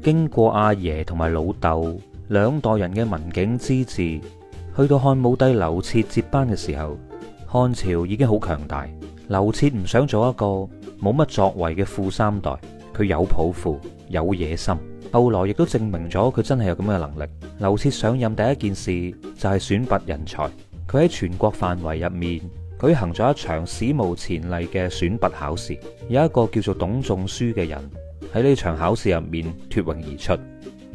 經過阿爺同埋老豆兩代人嘅文景之治，去到漢武帝劉徹接班嘅時候，漢朝已經好強大。劉徹唔想做一個冇乜作為嘅富三代，佢有抱負，有野心。後來亦都證明咗佢真係有咁嘅能力。劉徹上任第一件事就係選拔人才，佢喺全國範圍入面舉行咗一場史無前例嘅選拔考試，有一個叫做董仲舒嘅人。喺呢場考試入面脫穎而出。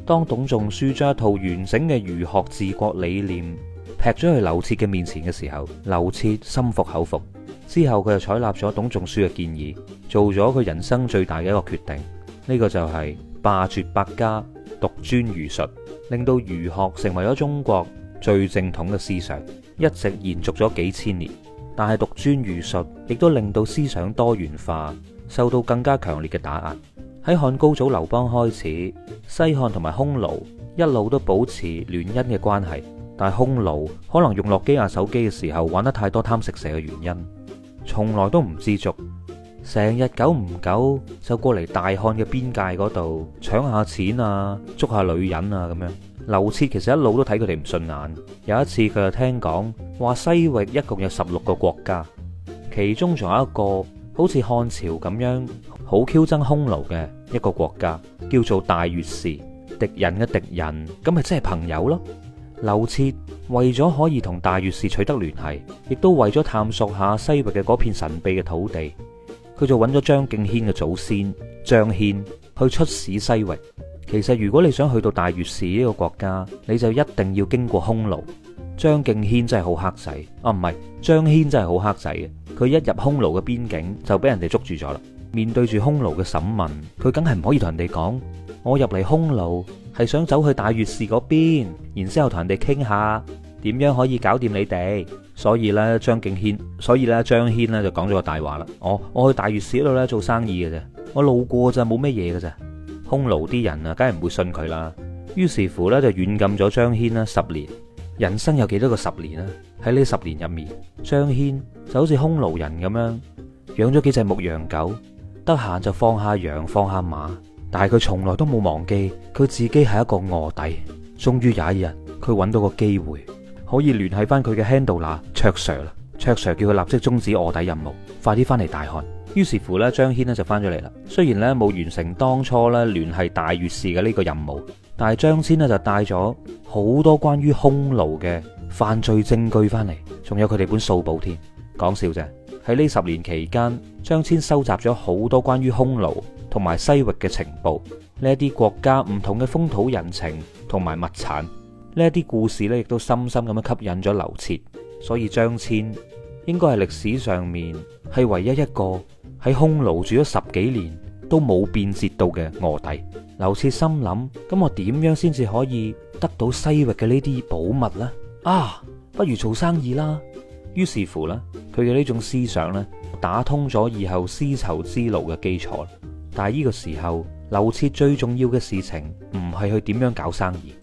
當董仲舒將一套完整嘅儒學治國理念劈咗去劉徹嘅面前嘅時候，劉徹心服口服。之後佢就採納咗董仲舒嘅建議，做咗佢人生最大嘅一個決定。呢、這個就係罷黜百家，獨尊儒術，令到儒學成為咗中國最正統嘅思想，一直延續咗幾千年。但係獨尊儒術亦都令到思想多元化受到更加強烈嘅打壓。喺漢高祖劉邦開始，西漢同埋匈奴一路都保持聯姻嘅關係，但係匈奴可能用諾基亞手機嘅時候玩得太多貪食蛇嘅原因，從來都唔知足，成日久唔久就過嚟大漢嘅邊界嗰度搶下錢啊，捉下女人啊咁樣。劉徹其實一路都睇佢哋唔順眼，有一次佢就聽講話西域一共有十六個國家，其中仲有一個。好似漢朝咁樣好挑爭匈奴嘅一個國家，叫做大月氏。敵人嘅敵人，咁咪即係朋友咯。劉徹為咗可以同大月氏取得聯繫，亦都為咗探索下西域嘅嗰片神秘嘅土地，佢就揾咗張敬軒嘅祖先張騫去出使西域。其實如果你想去到大月氏呢個國家，你就一定要經過匈奴。張敬軒真係好黑仔啊！唔係張騫真係好黑仔嘅。佢一入匈奴嘅邊境就俾人哋捉住咗啦。面對住匈奴嘅審問，佢梗係唔可以同人哋講我入嚟匈奴係想走去大月氏嗰邊，然之後同人哋傾下點樣可以搞掂你哋。所以咧，張敬軒，所以咧張騫咧就講咗個大話啦。我我去大月氏嗰度咧做生意嘅啫，我路過就冇咩嘢嘅咋。匈奴啲人啊，梗係唔會信佢啦。於是乎咧，就軟禁咗張騫啦十年。人生有幾多個十年啊？喺呢十年入面，張騫就好似匈奴人咁樣，養咗幾隻牧羊狗，得閒就放下羊，放下馬。但係佢從來都冇忘記，佢自己係一個臥底。終於有一日，佢揾到個機會，可以聯繫翻佢嘅 handler 卓 Sir 啦。卓 Sir 叫佢立即終止臥底任務，快啲翻嚟大漢。於是乎呢，張騫呢就翻咗嚟啦。雖然呢冇完成當初呢聯繫大月氏嘅呢個任務，但係張騫呢就帶咗。好多關於匈奴嘅犯罪證據翻嚟，仲有佢哋本數簿添。講笑啫，喺呢十年期間，張騫收集咗好多關於匈奴同埋西域嘅情報，呢啲國家唔同嘅風土人情同埋物產，呢啲故事呢亦都深深咁樣吸引咗劉徹。所以張騫應該係歷史上面係唯一一個喺匈奴住咗十幾年，都冇辨識到嘅臥底，劉徹心諗：咁我點樣先至可以得到西域嘅呢啲寶物呢？啊，不如做生意啦。於是乎呢佢嘅呢種思想呢，打通咗以後絲綢之路嘅基礎。但係呢個時候，劉徹最重要嘅事情唔係去點樣搞生意，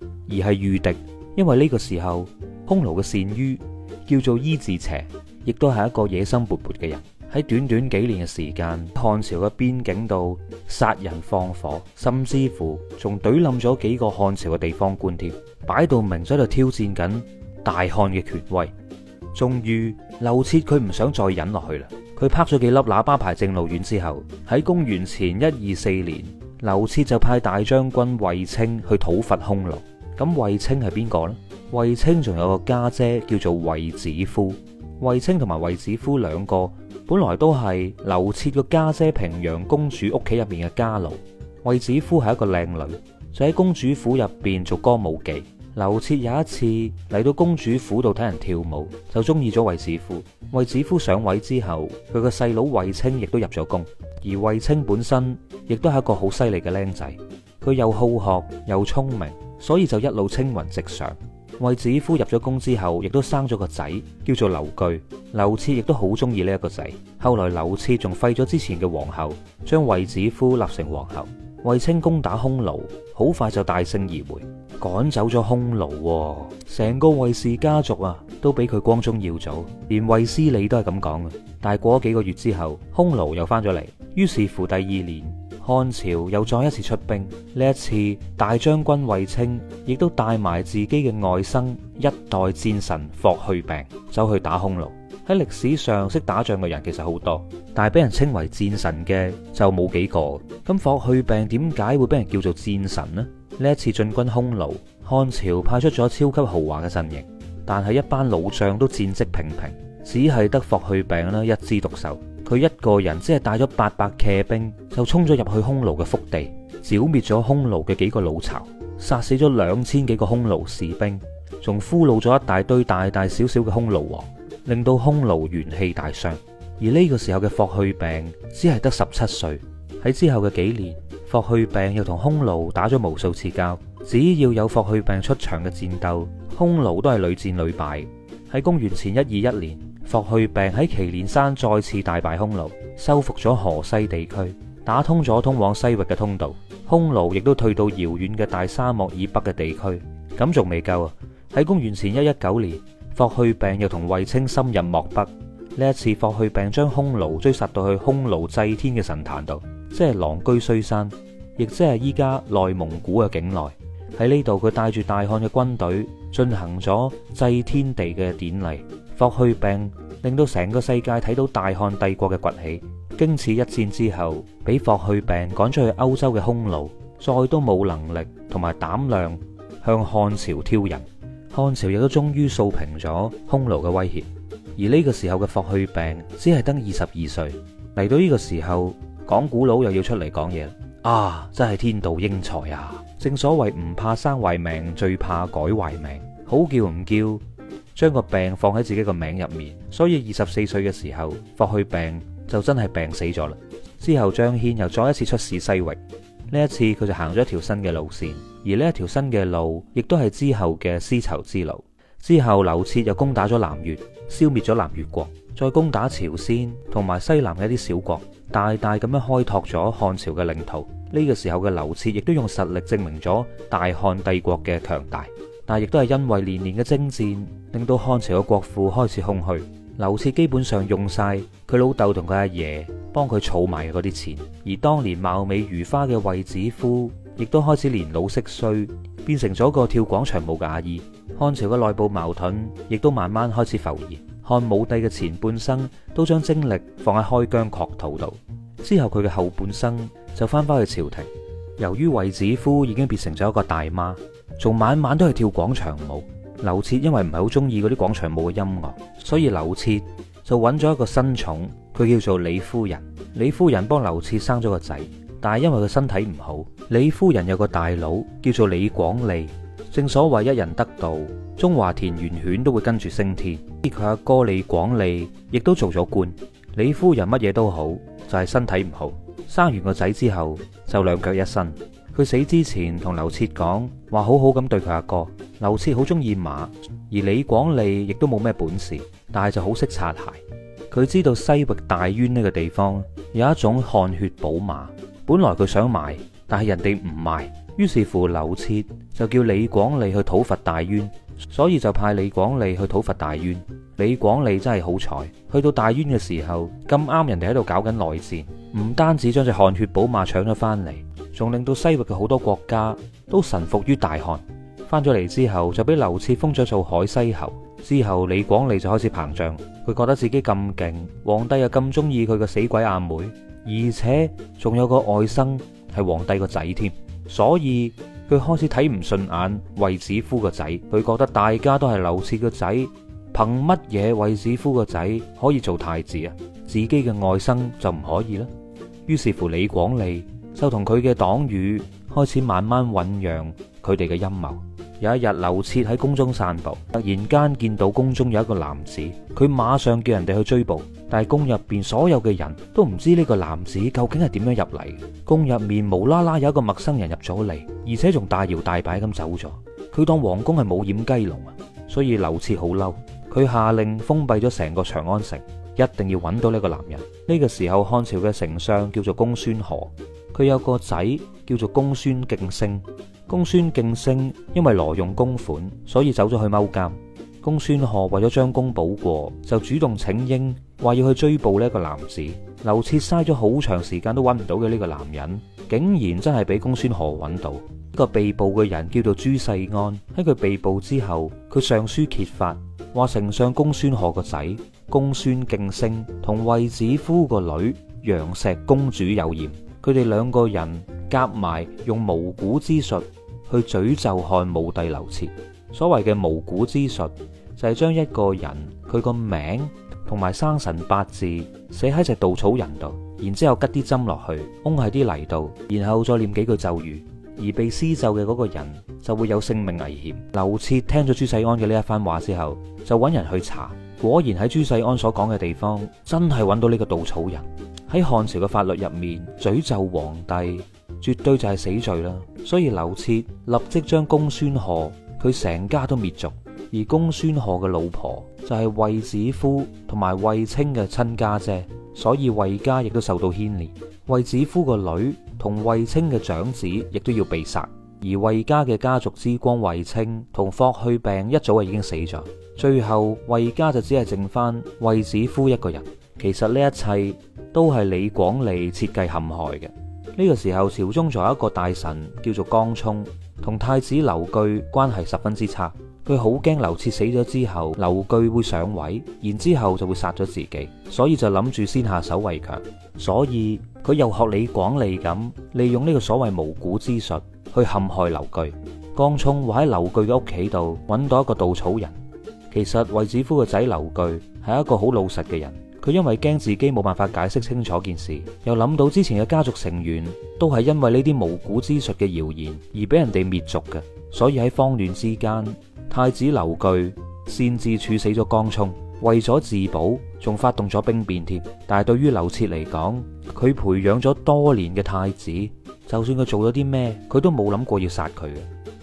而係禦敵，因為呢個時候匈奴嘅單于叫做伊稚斜，亦都係一個野心勃勃嘅人。喺短短幾年嘅時間，漢朝嘅邊境度殺人放火，甚至乎仲懟冧咗幾個漢朝嘅地方官，添，擺到明咗喺度挑戰緊大漢嘅權威。終於劉徹佢唔想再忍落去啦，佢拍咗幾粒喇叭牌正露丸之後，喺公元前一二四年，劉徹就派大將軍衛青去討伐匈奴。咁衛青係邊個呢？衛青仲有個家姐，姐叫做衛子夫，衛青同埋衛子夫兩個。本來都係劉徹個家姐平陽公主屋企入面嘅家奴，衛子夫係一個靚女，就喺公主府入邊做歌舞伎。劉徹有一次嚟到公主府度睇人跳舞，就中意咗衛子夫。衛子夫上位之後，佢個細佬衛青亦都入咗宮，而衛青本身亦都係一個好犀利嘅靚仔，佢又好學又聰明，所以就一路青雲直上。衛子夫入咗宮之後，亦都生咗個仔，叫做劉據。劉徹亦都好中意呢一個仔。後來劉徹仲廢咗之前嘅皇后，將衛子夫立成皇后。衛青攻打匈奴，好快就大勝而回，趕走咗匈奴，啊，成個衛氏家族啊，都俾佢光宗耀祖。連衛斯理都係咁講嘅。但係過咗幾個月之後，匈奴又翻咗嚟，於是乎第二年。漢朝又再一次出兵，呢一次大將軍衛青亦都帶埋自己嘅外甥，一代戰神霍去病走去打匈奴。喺歷史上識打仗嘅人其實好多，但係俾人稱為戰神嘅就冇幾個。咁霍去病點解會俾人叫做戰神呢？呢一次進軍匈奴，漢朝派出咗超級豪華嘅陣營，但係一班老將都戰績平平，只係得霍去病啦，一枝獨秀。佢一個人只係帶咗八百騎兵，就衝咗入去匈奴嘅腹地，剿滅咗匈奴嘅幾個老巢，殺死咗兩千幾個匈奴士兵，仲俘虜咗一大堆大大小小嘅匈奴王，令到匈奴元氣大傷。而呢個時候嘅霍去病只係得十七歲。喺之後嘅幾年，霍去病又同匈奴打咗無數次交，只要有霍去病出場嘅戰鬥，匈奴都係屢戰屢敗。喺公元前一二一年，霍去病喺祁連山再次大敗匈奴，收復咗河西地區，打通咗通往西域嘅通道。匈奴亦都退到遙遠嘅大沙漠以北嘅地區。咁仲未夠啊！喺公元前一一九年，霍去病又同衛青深入漠北。呢一次，霍去病將匈奴追殺到去匈奴祭天嘅神壇度，即係狼居胥山，亦即係依家內蒙古嘅境內。喺呢度，佢帶住大漢嘅軍隊進行咗祭天地嘅典禮。霍去病令到成個世界睇到大漢帝國嘅崛起，經此一戰之後，俾霍去病趕出去歐洲嘅匈奴，再都冇能力同埋膽量向漢朝挑釁。漢朝亦都終於掃平咗匈奴嘅威脅。而呢個時候嘅霍去病只係得二十二歲。嚟到呢個時候，講古佬又要出嚟講嘢啦。啊，真係天妒英才啊！正所謂唔怕生壞命，最怕改壞命。好叫唔叫？將個病放喺自己個名入面，所以二十四歲嘅時候，霍去病就真係病死咗啦。之後張騫又再一次出使西域，呢一次佢就行咗一條新嘅路線，而呢一條新嘅路亦都係之後嘅絲綢之路。之後劉徹又攻打咗南越，消滅咗南越國，再攻打朝鮮同埋西南嘅一啲小國，大大咁樣開拓咗漢朝嘅領土。呢個時候嘅劉徹亦都用實力證明咗大漢帝國嘅強大。但亦都係因為年年嘅征戰，令到漢朝嘅國庫開始空虛，劉徹基本上用晒佢老豆同佢阿爺幫佢儲埋嗰啲錢。而當年貌美如花嘅衛子夫，亦都開始年老色衰，變成咗個跳廣場舞嘅阿姨。漢朝嘅內部矛盾亦都慢慢開始浮現。漢武帝嘅前半生都將精力放喺開疆擴土度，之後佢嘅後半生就翻返去朝廷。由於衛子夫已經變成咗一個大媽。仲晚晚都係跳廣場舞。劉徹因為唔係好中意嗰啲廣場舞嘅音樂，所以劉徹就揾咗一個新寵，佢叫做李夫人。李夫人幫劉徹生咗個仔，但係因為佢身體唔好，李夫人有個大佬叫做李廣利。正所謂一人得道，中華田園犬都會跟住升天。佢阿哥李廣利亦都做咗官。李夫人乜嘢都好，就係身體唔好。生完個仔之後，就兩腳一伸。佢死之前同劉徹講，話好好咁對佢阿哥，哥。劉徹好中意馬，而李廣利亦都冇咩本事，但係就好識擦鞋。佢知道西域大宛呢個地方有一種汗血寶馬，本來佢想買，但係人哋唔賣，於是乎劉徹就叫李廣利去討伐大宛，所以就派李廣利去討伐大宛。李廣利真係好彩，去到大宛嘅時候咁啱人哋喺度搞緊內戰，唔單止將隻汗血寶馬搶咗翻嚟。仲令到西域嘅好多國家都臣服於大漢。翻咗嚟之後，就俾劉徹封咗做海西侯。之後李廣利就開始膨脹，佢覺得自己咁勁，皇帝又咁中意佢個死鬼阿妹，而且仲有個外甥係皇帝個仔添。所以佢開始睇唔順眼衛子夫個仔，佢覺得大家都係劉徹個仔，憑乜嘢衛子夫個仔可以做太子啊？自己嘅外甥就唔可以啦。於是乎，李廣利。就同佢嘅黨羽開始慢慢醞釀佢哋嘅陰謀。有一日，劉徹喺宮中散步，突然間見到宮中有一個男子，佢馬上叫人哋去追捕。但係宮入邊所有嘅人都唔知呢個男子究竟係點樣入嚟。宮入面無啦啦有一個陌生人入咗嚟，而且仲大搖大擺咁走咗。佢當皇宮係冇掩雞籠啊，所以劉徹好嬲，佢下令封閉咗成個長安城，一定要揾到呢個男人。呢、這個時候，漢朝嘅丞相叫做公孫賀。佢有個仔叫做公孫敬升，公孫敬升因為挪用公款，所以走咗去踎監。公孫賀為咗將功補過，就主動請纓，話要去追捕呢一個男子。劉徹嘥咗好長時間都揾唔到嘅呢個男人，竟然真係俾公孫賀揾到。呢個被捕嘅人叫做朱世安。喺佢被捕之後，佢上書揭發，話丞相公孫賀個仔公孫敬升同衛子夫個女楊石公主有嫌。佢哋兩個人夾埋用巫蠱之術去詛咒漢武帝劉徹。所謂嘅巫蠱之術，就係、是、將一個人佢個名同埋生辰八字寫喺隻稻草人度，然之後拮啲針落去，嗡喺啲泥度，然後再念幾句咒語，而被施咒嘅嗰個人就會有性命危險。劉徹聽咗朱世安嘅呢一番話之後，就揾人去查，果然喺朱世安所講嘅地方，真係揾到呢個稻草人。喺漢朝嘅法律入面，詛咒皇帝絕對就係死罪啦。所以劉徹立即將公孫賀佢成家都滅族，而公孫賀嘅老婆就係衛子夫同埋衛青嘅親家姐，所以衛家亦都受到牽連。衛子夫個女同衛青嘅長子亦都要被殺，而衛家嘅家族之光衛青同霍去病一早就已經死咗，最後衛家就只係剩翻衛子夫一個人。其實呢一切，都係李廣利設計陷害嘅。呢個時候，朝中仲有一個大臣叫做江充，同太子劉據關係十分之差。佢好驚劉徹死咗之後，劉據會上位，然之後就會殺咗自己，所以就諗住先下手為強。所以佢又學李廣利咁，利用呢個所謂巫蠱之術去陷害劉據。江充會喺劉據嘅屋企度揾到一個稻草人，其實衛子夫嘅仔劉據係一個好老實嘅人。佢因為驚自己冇辦法解釋清楚件事，又諗到之前嘅家族成員都係因為呢啲巫蠱之術嘅謠言而俾人哋滅族嘅，所以喺慌亂之間，太子劉據擅自處死咗江充，為咗自保，仲發動咗兵變添。但係對於劉徹嚟講，佢培養咗多年嘅太子，就算佢做咗啲咩，佢都冇諗過要殺佢嘅。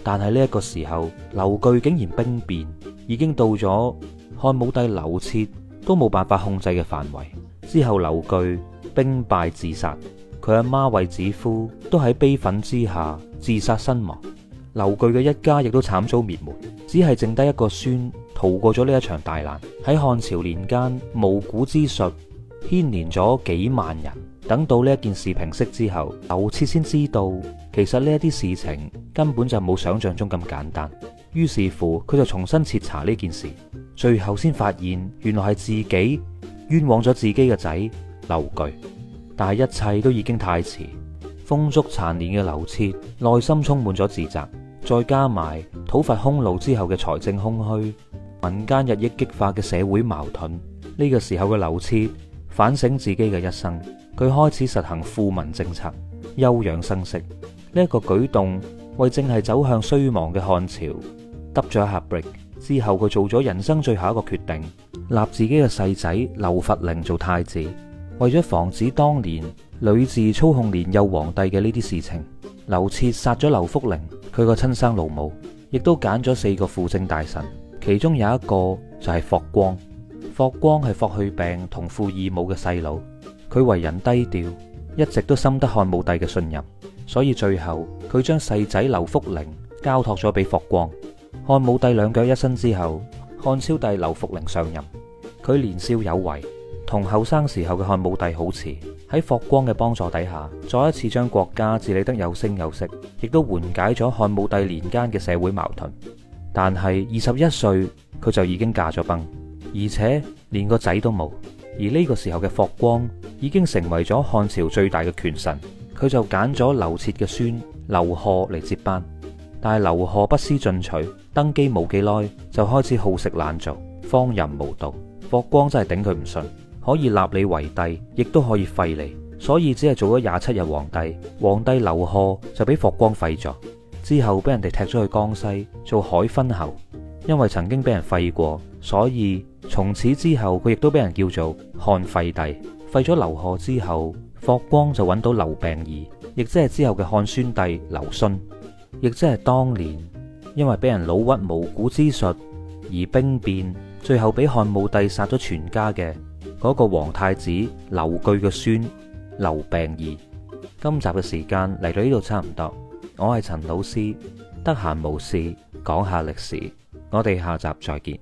但係呢一個時候，劉據竟然兵變，已經到咗漢武帝劉徹，都冇辦法控制嘅範圍，之後劉據兵敗自殺，佢阿媽衛子夫都喺悲憤之下自殺身亡，劉據嘅一家亦都慘遭滅門，只係剩低一個孫逃過咗呢一場大難。喺漢朝年間，巫蠱之術牽連咗幾萬人，等到呢一件事平息之後，劉徹先知道其實呢一啲事情根本就冇想象中咁簡單。於是乎，佢就重新徹查呢件事，最後先發現原來係自己冤枉咗自己嘅仔劉據。但係一切都已經太遲，風燭殘年嘅劉徹內心充滿咗自責，再加埋討伐匈奴之後嘅財政空虛、民間日益激化嘅社會矛盾，呢個時候嘅劉徹反省自己嘅一生，佢開始實行富民政策、休養生息，呢一個舉動，為正係走向衰亡嘅漢朝。揼咗一盒 brick 之後，佢做咗人生最後一個決定，立自己嘅細仔劉弗陵做太子。為咗防止當年呂雉操控年幼皇帝嘅呢啲事情，劉徹殺咗劉弗陵佢個親生老母，亦都揀咗四個輔政大臣，其中有一個就係霍光。霍光係霍去病同父異母嘅細佬，佢為人低調，一直都深得漢武帝嘅信任，所以最後佢將細仔劉弗陵交託咗俾霍光。漢武帝兩腳一伸之後，漢昭帝劉弗陵上任，佢年少有為，同後生時候嘅漢武帝好似喺霍光嘅幫助底下，再一次將國家治理得有聲有色，亦都緩解咗漢武帝年間嘅社會矛盾。但係二十一歲佢就已經駕咗崩，而且連個仔都冇。而呢個時候嘅霍光已經成為咗漢朝最大嘅權臣，佢就揀咗劉徹嘅孫劉賀嚟接班。但係劉賀不思進取，登基冇幾耐就開始好食懶做，荒淫無度。霍光真係頂佢唔順，可以立你為帝，亦都可以廢你，所以只係做咗廿七日皇帝。皇帝劉賀就俾霍光廢咗，之後俾人哋踢咗去江西做海昏侯，因為曾經俾人廢過，所以從此之後佢亦都俾人叫做漢廢帝。廢咗劉賀之後，霍光就揾到劉病已，亦即係之後嘅漢宣帝劉詢。亦即係當年因為俾人老屈巫蠱之術而兵變，最後俾漢武帝殺咗全家嘅嗰個皇太子劉據嘅孫劉病已。今集嘅時間嚟到呢度差唔多，我係陳老師，得閒無事講下歷史，我哋下集再見。